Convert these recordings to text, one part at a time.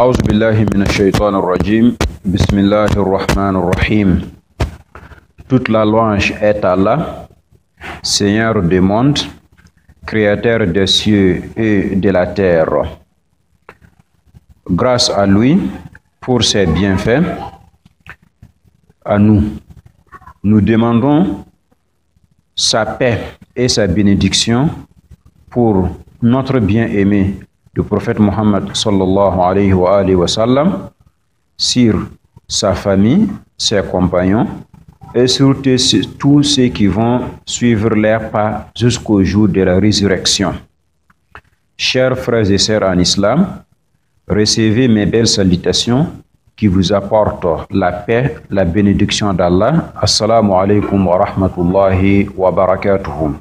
Toute la louange est à Allah, Seigneur du monde, Créateur des cieux et de la terre. Grâce à lui, pour ses bienfaits, à nous, nous demandons sa paix et sa bénédiction pour notre bien-aimé le prophète Mohammed sallallahu alayhi wa, wa sallam, sur sa famille, ses compagnons et sur tous ceux qui vont suivre leur pas jusqu'au jour de la résurrection. Chers frères et sœurs en islam, recevez mes belles salutations qui vous apportent la paix, la bénédiction d'Allah. Assalamu alaikum wa rahmatullahi wa barakatuhum).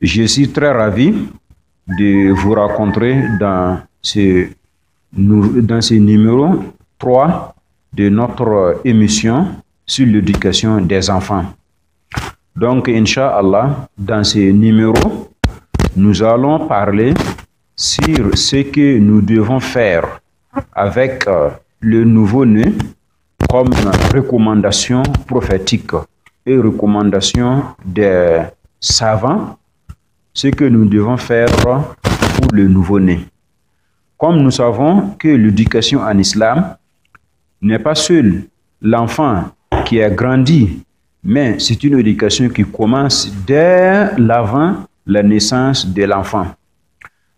Je suis très ravi de vous rencontrer dans ce, dans ce numéro 3 de notre émission sur l'éducation des enfants. Donc, Inch'Allah, dans ce numéro, nous allons parler sur ce que nous devons faire avec euh, le nouveau-né comme recommandation prophétique et recommandation des savants ce que nous devons faire pour le nouveau-né. Comme nous savons que l'éducation en islam n'est pas seule l'enfant qui a grandi, mais c'est une éducation qui commence dès l'avant la naissance de l'enfant.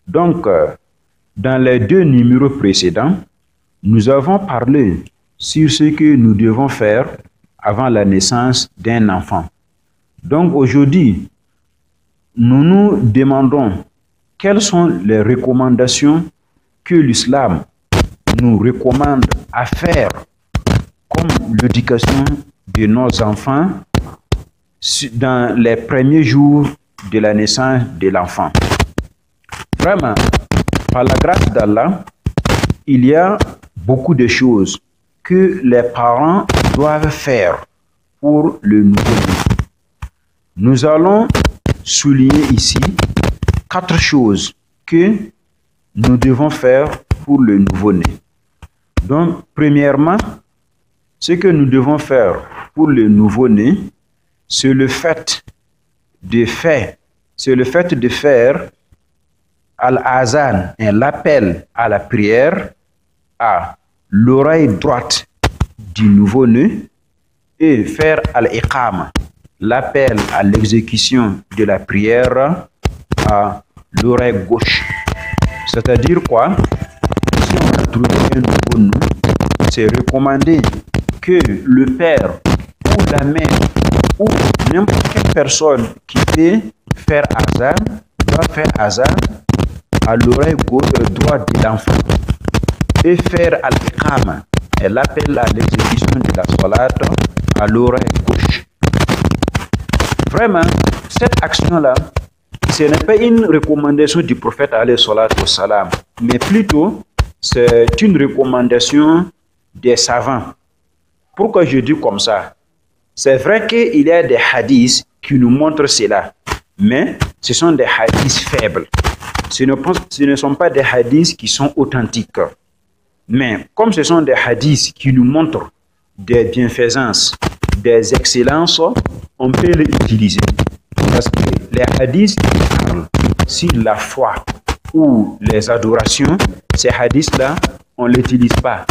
Donc, euh, dans les deux numéros précédents, nous avons parlé sur ce que nous devons faire avant la naissance d'un enfant. Donc aujourd'hui, nous nous demandons quelles sont les recommandations que l'islam nous recommande à faire comme l'éducation de nos enfants dans les premiers jours de la naissance de l'enfant. Vraiment, par la grâce d'Allah, il y a beaucoup de choses que les parents doivent faire pour le nouveau-né. Nous allons souligner ici quatre choses que nous devons faire pour le nouveau-né. Donc, premièrement, ce que nous devons faire pour le nouveau-né, c'est le fait de faire, c'est le fait de faire al-azan, l'appel à la prière, à l'oreille droite du nouveau-né et faire al-iqama, l'appel à l'exécution de la prière à l'oreille gauche. C'est-à-dire quoi on a trouvé un c'est recommandé que le père ou la mère ou n'importe quelle personne qui peut faire hasard doit faire hasard à l'oreille droite de l'enfant et faire al-iqama, l'appel à l'exécution de la salade à l'oreille gauche. Vraiment, cette action-là, ce n'est pas une recommandation du prophète, salam, mais plutôt, c'est une recommandation des savants. Pourquoi je dis comme ça C'est vrai qu'il y a des hadiths qui nous montrent cela, mais ce sont des hadiths faibles. Ce ne, ce ne sont pas des hadiths qui sont authentiques. Mais comme ce sont des hadiths qui nous montrent des bienfaisances, des excellences, on peut les utiliser. Parce que les hadiths parlent sur la foi ou les adorations, ces hadiths-là, on ne l'utilise pas.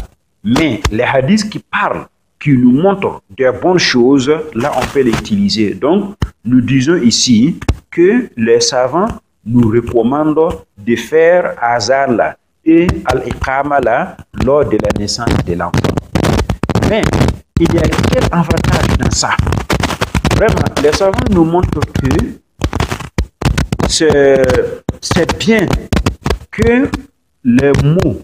Mais les hadiths qui parlent, qui nous montrent des bonnes choses, là, on peut les utiliser. Donc, nous disons ici que les savants nous recommandent de faire azala et al-iqamala lors de la naissance de l'enfant. Mais il y a quel avantage dans ça Vraiment, les savants nous montrent que c'est bien que les mots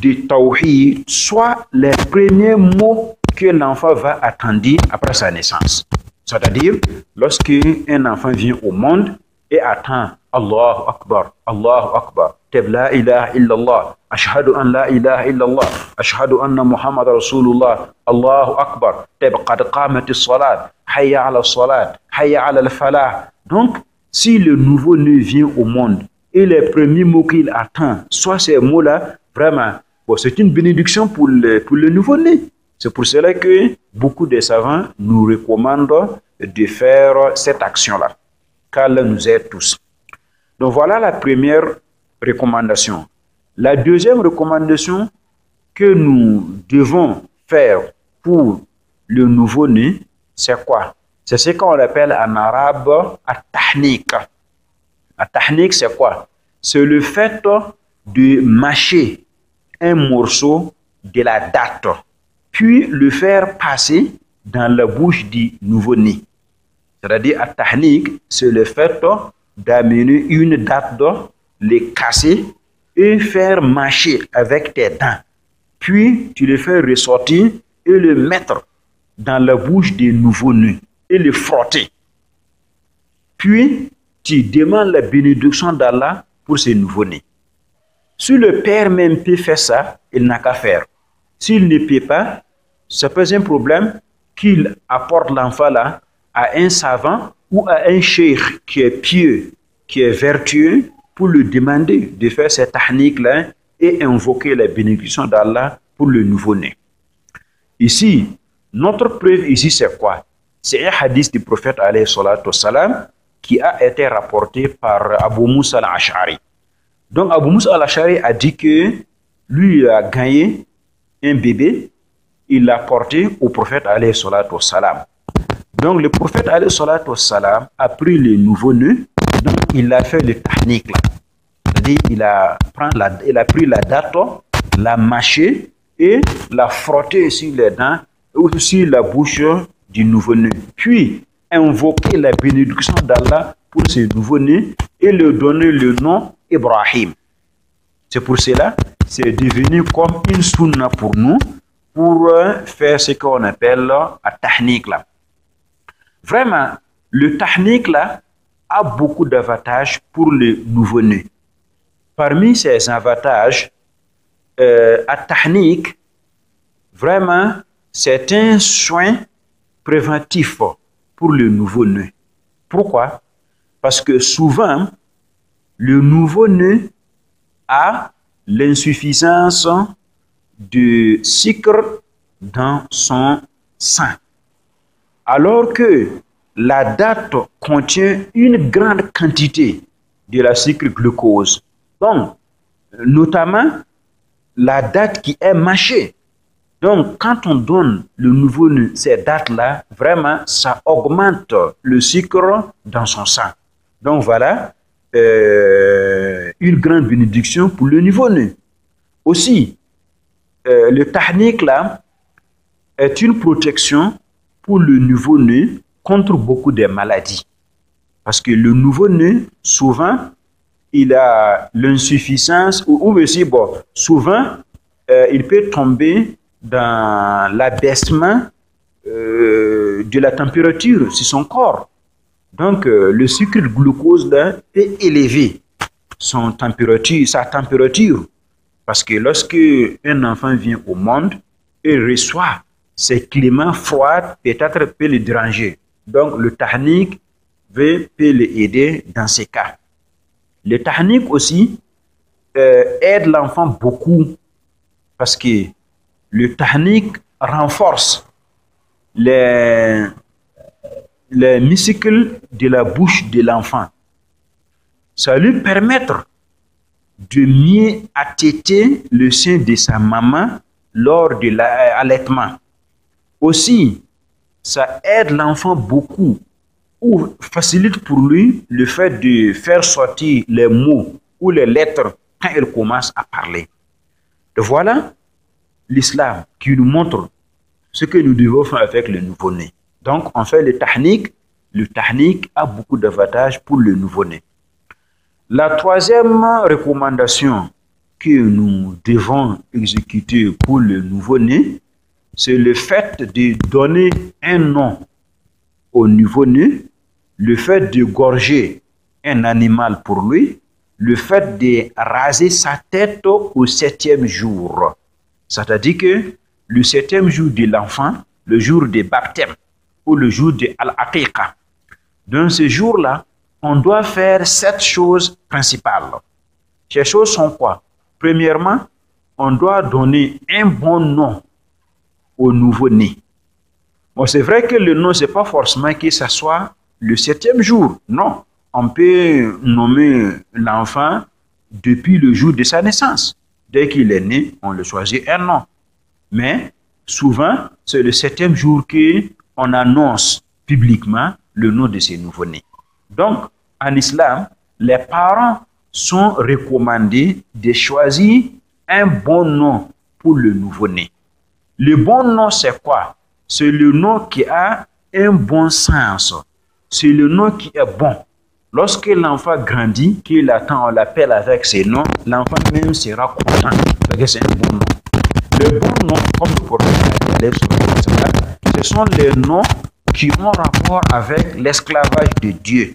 du tawhid soient les premiers mots que l'enfant va attendre après sa naissance. C'est-à-dire, lorsque un enfant vient au monde et attend Allahu akbar, Allahu akbar. Teb la ilaha illallah. Ashhadu an la ilaha illallah. Ashhadu anna Muhammad Allah Allahu akbar. Teb qad qamati salat. Hayya ala salat. Hayya ala al-falah. Donc, si le nouveau-né vient au monde et les premiers mots qu'il attend, soit ces mots-là, vraiment, bon, c'est une bénédiction pour le, pour le nouveau-né. C'est pour cela que beaucoup de savants nous recommandent de faire cette action-là. Qu'Allah nous aide tous. Donc voilà la première recommandation. La deuxième recommandation que nous devons faire pour le nouveau-né, c'est quoi C'est ce qu'on appelle en arabe at-tahnik. c'est quoi C'est le fait de mâcher un morceau de la date, puis le faire passer dans la bouche du nouveau-né. C'est-à-dire, at-tahnik, c'est le fait d'amener une date d'or, les casser et faire mâcher avec tes dents. Puis tu le fais ressortir et le mettre dans la bouche des nouveaux nés et le frotter. Puis tu demandes la bénédiction d'Allah pour ces nouveaux nés Si le père même peut faire ça, il n'a qu'à faire. S'il ne peut pas, ça pose un problème qu'il apporte l'enfant là à un savant ou à un cheikh qui est pieux, qui est vertueux, pour lui demander de faire cette technique là et invoquer la bénédiction d'Allah pour le nouveau-né. Ici, notre preuve ici, c'est quoi C'est un hadith du prophète salam qui a été rapporté par Abu Musa al-Ash'ari. Donc Abu Musa al-Ash'ari a dit que lui a gagné un bébé, il l'a porté au prophète salam donc le prophète salam a pris le nouveau-né, donc il a fait le technique. C'est-à-dire il a, a pris la date, l'a mâché et l'a frotté sur les dents ou sur la bouche du nouveau-né. Puis invoquer la bénédiction d'Allah pour ce nouveau-né et lui donner le nom Ibrahim. C'est pour cela, c'est devenu comme une sunna pour nous, pour euh, faire ce qu'on appelle la technique Là. Vraiment, le tahnik là a beaucoup d'avantages pour le nouveau-né. Parmi ces avantages, euh, à vraiment, c'est un soin préventif pour le nouveau-né. Pourquoi Parce que souvent, le nouveau-né a l'insuffisance du sucre dans son sein alors que la date contient une grande quantité de la sucre glucose. Donc, notamment la date qui est mâchée. Donc, quand on donne le nouveau ces dates-là, vraiment, ça augmente le sucre dans son sang. Donc, voilà euh, une grande bénédiction pour le nouveau-né. Aussi, euh, le tahnik, là, est une protection pour le nouveau-né contre beaucoup de maladies. Parce que le nouveau-né, souvent, il a l'insuffisance, ou, aussi, bon, souvent, euh, il peut tomber dans l'abaissement euh, de la température sur son corps. Donc, euh, le sucre glucose là, peut élever son température, sa température. Parce que lorsque un enfant vient au monde, il reçoit ces climats froids peut-être peut le déranger. Donc le tahnik peut l'aider dans ces cas. Le tahnik aussi euh, aide l'enfant beaucoup parce que le tahnik renforce les, les muscles de la bouche de l'enfant. Ça lui permet de mieux attêter le sein de sa maman lors de l'allaitement aussi, ça aide l'enfant beaucoup ou facilite pour lui le fait de faire sortir les mots ou les lettres quand il commence à parler. voilà l'islam qui nous montre ce que nous devons faire avec le nouveau-né. Donc, on fait le tahnik. Le tahnik a beaucoup d'avantages pour le nouveau-né. La troisième recommandation que nous devons exécuter pour le nouveau-né, c'est le fait de donner un nom au nouveau-né, le fait de gorger un animal pour lui, le fait de raser sa tête au septième jour. C'est-à-dire que le septième jour de l'enfant, le jour des baptêmes ou le jour de al dans ce jour-là, on doit faire sept choses principales. Ces choses sont quoi Premièrement, on doit donner un bon nom au nouveau-né. Bon, c'est vrai que le nom, c'est pas forcément que ça soit le septième jour. Non, on peut nommer l'enfant depuis le jour de sa naissance. Dès qu'il est né, on le choisit un nom. Mais souvent, c'est le septième jour qu'on annonce publiquement le nom de ces nouveau-nés. Donc, en islam, les parents sont recommandés de choisir un bon nom pour le nouveau-né. Le bon nom, c'est quoi C'est le nom qui a un bon sens. C'est le nom qui est bon. Lorsque l'enfant grandit, qu'il attend, on l'appelle avec ce nom, l'enfant même sera content parce que c'est un bon nom. Le bon nom, comme le prophète ce sont les noms qui ont rapport avec l'esclavage de Dieu.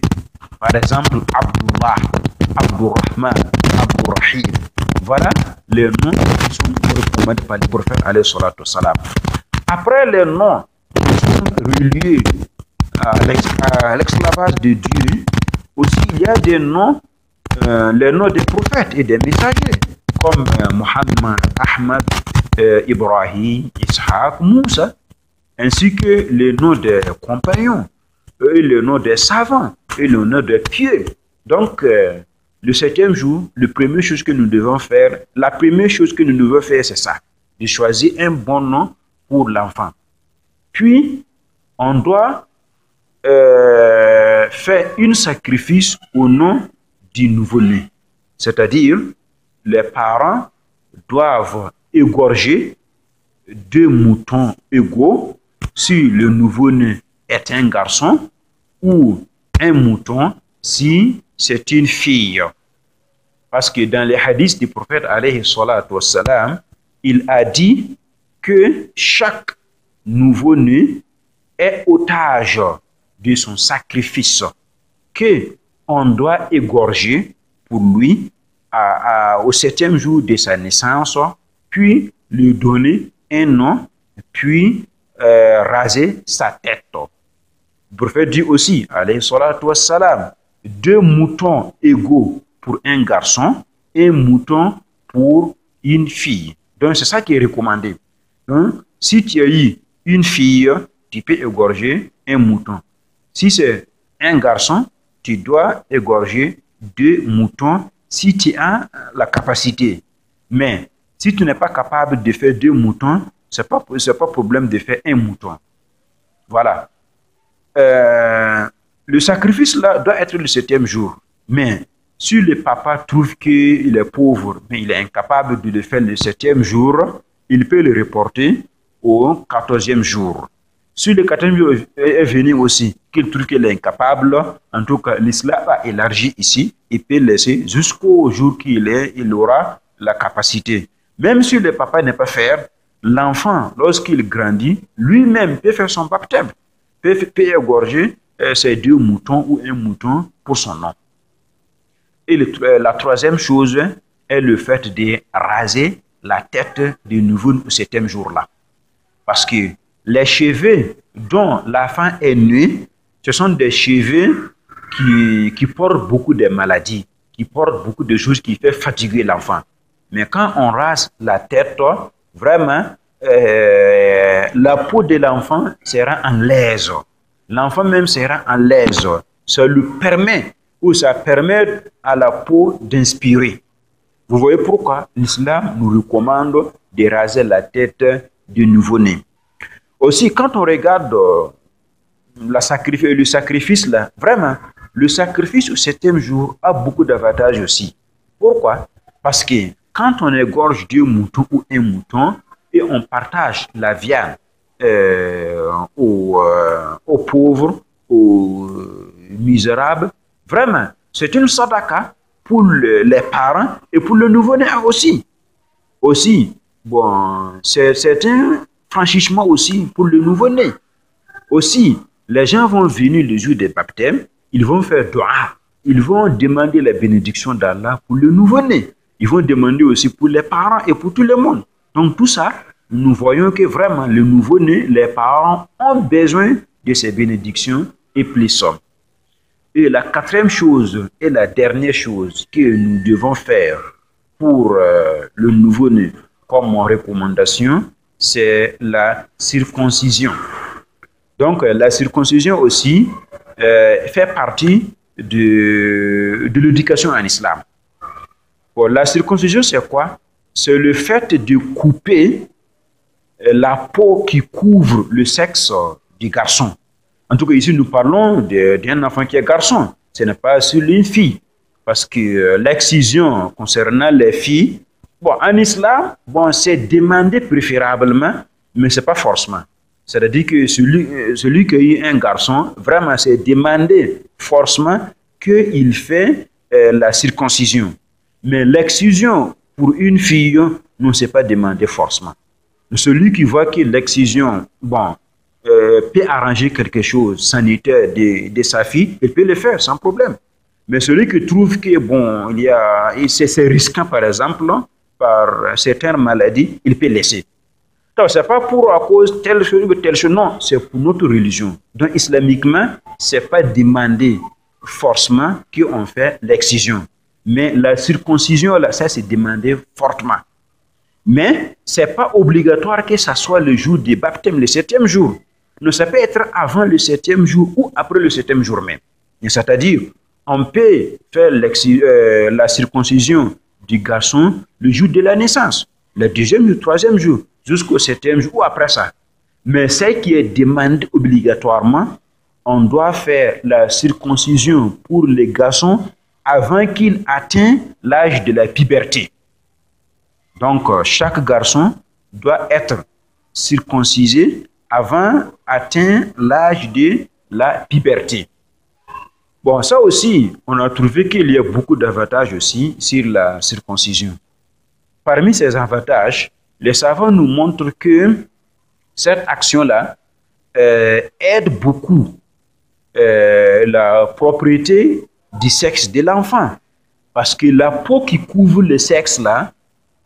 Par exemple, Abdullah, Abdurrahman, Abdurrahim. Voilà les noms qui sont recommandés par le prophète salam. Après les noms qui sont reliés à l'esclavage de Dieu, aussi il y a des noms, euh, les noms des prophètes et des messagers, comme euh, Muhammad, Ahmad, euh, Ibrahim, Ishaq, Moussa, ainsi que les noms des compagnons, et les noms des savants, et les noms des pieux. Donc, le septième jour, la première chose que nous devons faire, la première chose que nous devons faire, c'est ça, de choisir un bon nom pour l'enfant. Puis, on doit euh, faire un sacrifice au nom du nouveau-né. C'est-à-dire, les parents doivent égorger deux moutons égaux si le nouveau-né est un garçon ou un mouton si c'est une fille. Parce que dans les hadiths du prophète, alayhi il a dit que chaque nouveau-né est otage de son sacrifice que on doit égorger pour lui au septième jour de sa naissance, puis lui donner un nom, puis euh, raser sa tête. Le prophète dit aussi, alayhi salatu wassalam, deux moutons égaux pour un garçon, un mouton pour une fille. Donc, c'est ça qui est recommandé. Donc, si tu as eu une fille, tu peux égorger un mouton. Si c'est un garçon, tu dois égorger deux moutons si tu as la capacité. Mais si tu n'es pas capable de faire deux moutons, ce n'est pas, pas problème de faire un mouton. Voilà. Euh, le sacrifice là doit être le septième jour. Mais si le papa trouve qu'il est pauvre, mais il est incapable de le faire le septième jour, il peut le reporter au quatorzième jour. Si le quatrième jour est venu aussi, qu'il trouve qu'il est incapable, en tout cas, l'islam a élargi ici et peut laisser jusqu'au jour qu'il est, il aura la capacité. Même si le papa n'est pas faire, l'enfant, lorsqu'il grandit, lui-même peut faire son baptême, peut, peut égorger euh, c'est deux moutons ou un mouton pour son nom. Et euh, la troisième chose est le fait de raser la tête de nouveau ce septième jour-là. Parce que les cheveux dont la est nu, ce sont des cheveux qui, portent beaucoup de maladies, qui portent beaucoup de choses qui font fatiguer l'enfant. Mais quand on rase la tête, vraiment, euh, la peau de l'enfant sera en l'aise l'enfant même sera en l'aise. Ça lui permet, ou ça permet à la peau d'inspirer. Vous voyez pourquoi l'islam nous recommande de raser la tête du nouveau-né. Aussi, quand on regarde euh, la sacrifice, le sacrifice, là, vraiment, le sacrifice au septième jour a beaucoup d'avantages aussi. Pourquoi Parce que quand on égorge deux moutons ou un mouton et on partage la viande, euh, euh, aux, pauvres, aux euh, misérables. Vraiment, c'est une sadaka pour les parents et pour le nouveau-né aussi. Aussi, bon, c'est un franchissement aussi pour le nouveau-né. Aussi, les gens vont venir le jour des baptêmes, ils vont faire dua, ils vont demander la bénédiction d'Allah pour le nouveau-né. Ils vont demander aussi pour les parents et pour tout le monde. Donc tout ça, nous voyons que vraiment le nouveau-né, les parents ont besoin de ces bénédictions et plus sommes. Et la quatrième chose et la dernière chose que nous devons faire pour euh, le nouveau-né comme recommandation, c'est la circoncision. Donc euh, la circoncision aussi euh, fait partie de, l'éducation en islam. la circoncision, c'est quoi C'est le fait de couper euh, la peau qui couvre le sexe du garçon. En tout cas, ici, nous parlons d'un enfant qui est garçon. Ce n'est pas sur une fille. Parce que euh, l'excision concernant les filles, bon, en islam, bon, c'est demandé préférablement, mais ce n'est pas forcément. C'est-à-dire que celui, euh, qui a eu un garçon, vraiment, c'est demandé forcément qu'il fait la circoncision. Mais l'excision pour une fille, non, ce pas demandé forcément. Celui qui voit que l'excision, bon, euh, peut arranger quelque chose sanitaire de, sa fille, il peut le faire sans problème. Mais celui qui trouve que, bon, il y a, c'est risquant, par exemple, par certaines maladies, il peut laisser. Ce n'est pas pour à cause telle chose ou telle chose, non, c'est pour notre religion. Donc, islamiquement, ce n'est pas demandé forcément qu'on fait l'excision. Mais la circoncision, là, ça, c'est demandé fortement. Mais c'est pas obligatoire que ça soit le jour du baptême, le septième jour. Non, ça peut être avant le septième jour ou après le septième jour même. C'est-à-dire, on peut faire euh, la circoncision du garçon le jour de la naissance, le deuxième ou le troisième jour, jusqu'au septième jour ou après ça. Mais ce qui est demandé obligatoirement, on doit faire la circoncision pour les garçons avant qu'ils atteignent l'âge de la puberté. Donc, euh, chaque garçon doit être circoncisé avant atteint l'âge de la puberté. Bon, ça aussi, on a trouvé qu'il y a beaucoup d'avantages aussi sur la circoncision. Parmi ces avantages, les savants nous montrent que cette action-là euh, aide beaucoup euh, la propriété du sexe de l'enfant. Parce que la peau qui couvre le sexe-là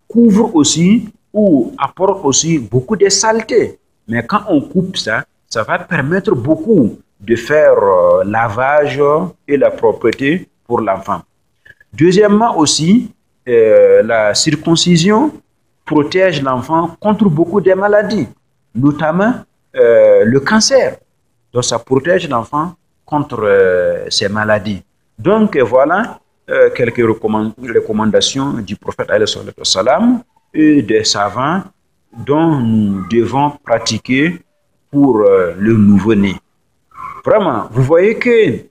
couvre aussi ou apporte aussi beaucoup de saleté. Mais quand on coupe ça, ça va permettre beaucoup de faire euh, lavage et la propreté pour l'enfant. Deuxièmement aussi, euh, la circoncision protège l'enfant contre beaucoup de maladies, notamment euh, le cancer. Donc ça protège l'enfant contre ces maladies. Donc voilà, euh, quelques recommandations du prophète salam et des savants dont nous devons pratiquer pour euh, le nouveau-né. Vraiment, vous voyez que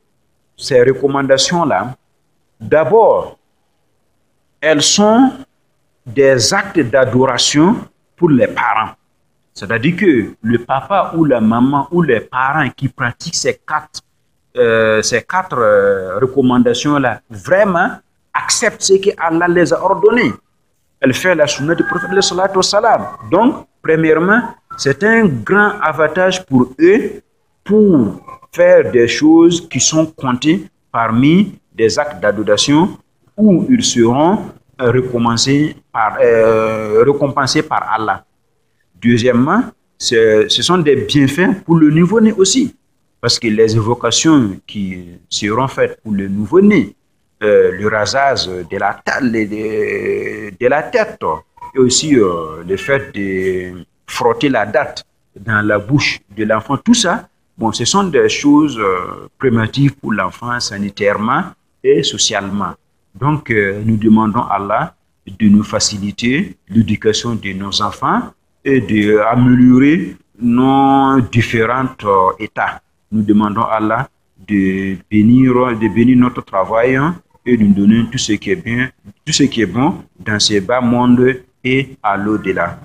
ces recommandations-là, d'abord, elles sont des actes d'adoration pour les parents. C'est-à-dire que le papa ou la maman ou les parents qui pratiquent ces quatre euh, ces quatre euh, recommandations-là vraiment accepte ce Allah les a ordonné. Elle fait la sunna du prophète au salam. Donc, premièrement, c'est un grand avantage pour eux pour faire des choses qui sont comptées parmi des actes d'adoration où ils seront euh, récompensés par, récompensés par Allah. Deuxièmement, ce sont des bienfaits pour le niveau né aussi. Parce que les évocations qui seront faites pour le nouveau-né, euh, le rasage de la, de la tête, et aussi euh, le fait de frotter la date dans la bouche de l'enfant, tout ça, bon, ce sont des choses euh, primitives pour l'enfant sanitairement et socialement. Donc, nous demandons à Allah de nous faciliter l'éducation de nos enfants et d'améliorer nos différents états. Nous demandons à Allah de bénir, de notre travail hein, et nous donner tout ce qui est bien, tout ce qui est bon dans ce bas monde et à l'au-delà.